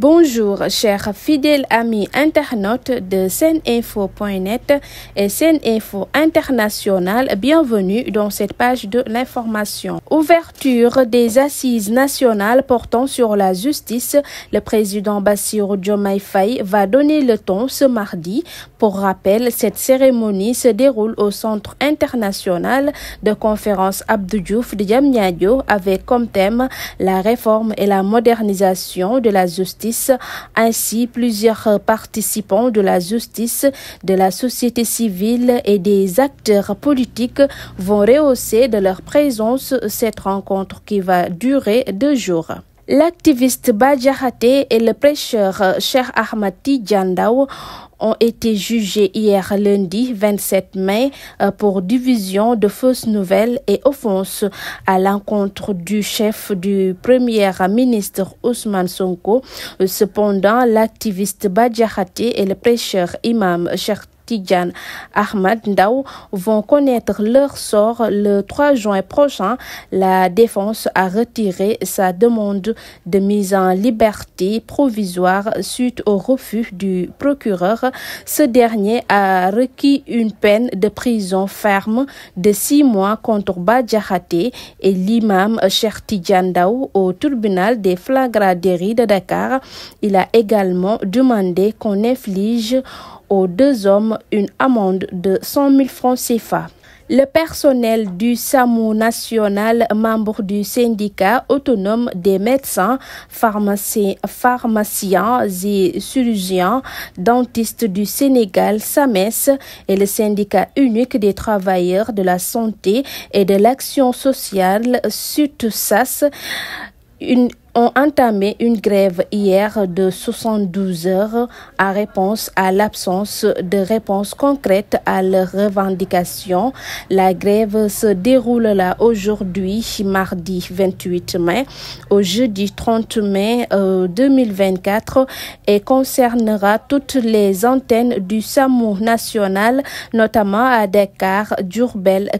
Bonjour chers fidèles amis internautes de seninfo.net et Seninfo International, bienvenue dans cette page de l'information. Ouverture des assises nationales portant sur la justice, le président Bassirou Diomaye Faye va donner le ton ce mardi. Pour rappel, cette cérémonie se déroule au Centre international de conférence Abdou Diouf de Diamniadio avec comme thème la réforme et la modernisation de la justice justice. Ainsi, plusieurs participants de la justice, de la société civile et des acteurs politiques vont rehausser de leur présence cette rencontre qui va durer deux jours. L'activiste Bah et le prêcheur Cheikh Ahmad Tidiane ont été jugés hier lundi 27 mai euh, pour division de fausses nouvelles et offense à l'encontre du chef du premier ministre Ousmane Sonko. Euh, cependant, l'activiste Badja Khaté et le prêcheur imam Cheikh Tidjane Ahmad Ndaw vont connaître leur sort le 3 juin prochain. La défense a retiré sa demande de mise en liberté provisoire suite au refus du procureur. Ce dernier a requis une peine de prison ferme de six mois contre Bah Diakhaté et l'imam Cheikh Tidjane Ndaw au tribunal des flagrants délits de Dakar. Il a également demandé qu'on inflige aux deux hommes une amende de 100 000 francs CFA. Le personnel du SAMU national, membre du syndicat autonome des médecins, pharmaciens, et chirurgiens, dentistes du Sénégal, SAMES, et le syndicat unique des travailleurs de la santé et de l'action sociale, SUTSAS, une ont entamé une grève hier de 72 heures en réponse à l'absence de réponse concrète à leurs revendications. La grève se déroule là aujourd'hui, mardi 28 mai, au jeudi 30 mai 2024 euh, et concernera toutes les antennes du SAMU national, notamment à Dakar, Diourbel,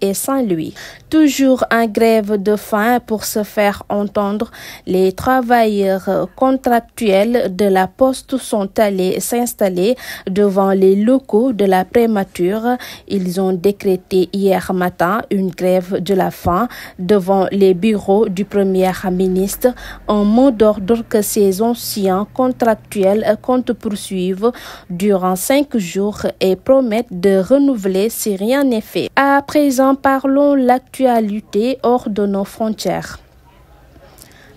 et Saint-Louis. en grève de faim pour se faire entendre attendre, les travailleurs contractuels de la poste sont allés s'installer devant les locaux de la prémature. Ils ont décrété hier matin une grève de la faim devant les bureaux du Premier ministre, un mot d'ordre que ces anciens contractuels comptent poursuivre durant cinq jours et promettent de renouveler si rien n'est fait. À présent, parlons l'actualité hors de nos frontières.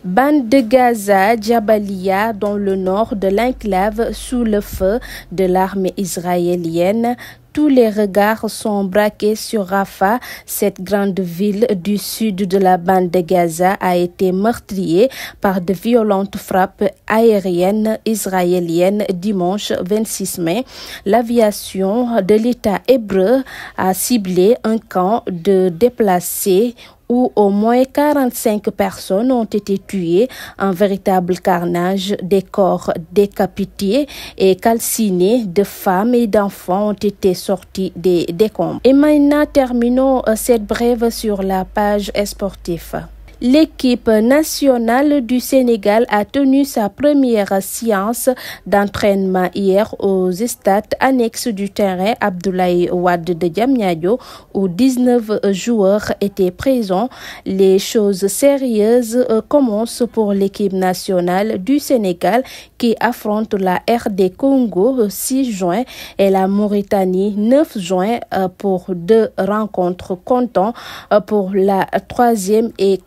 Bande de Gaza, Djabalia, dans le nord de l'enclave, sous le feu de l'armée israélienne. Tous les regards sont braqués sur Rafah. Cette grande ville du sud de la bande de Gaza a été meurtriée par de violentes frappes aériennes israéliennes dimanche 26 mai. L'aviation de l'État hébreu a ciblé un camp de déplacés où au moins 45 personnes ont été tuées, un véritable carnage, des corps décapités et calcinés de femmes et d'enfants ont été sortis des décombres. Et maintenant, terminons euh, cette brève sur la page sportive. L'équipe nationale du Sénégal a tenu sa première séance d'entraînement hier aux stades annexes du terrain Abdoulaye Wade de Diamniadio où 19 joueurs étaient présents. Les choses sérieuses euh, commencent pour l'équipe nationale du Sénégal qui affronte la RD Congo 6 juin et la Mauritanie 9 juin euh, pour deux rencontres comptant euh, pour la troisième et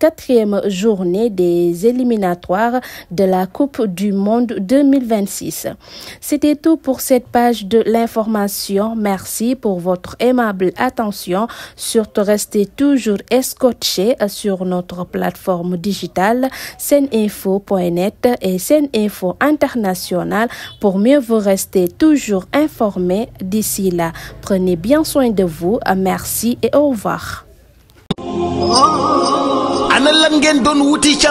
quatrième journée des éliminatoires de la Coupe du Monde 2026. C'était tout pour cette page de l'information. Merci pour votre aimable attention. Surtout restez toujours escotchés euh, sur notre plateforme digitale seninfo.net et seninfo international pour mieux vous rester toujours informés. D'ici là, prenez bien soin de vous. Merci et au revoir. ana lan ngeen doon wuti ca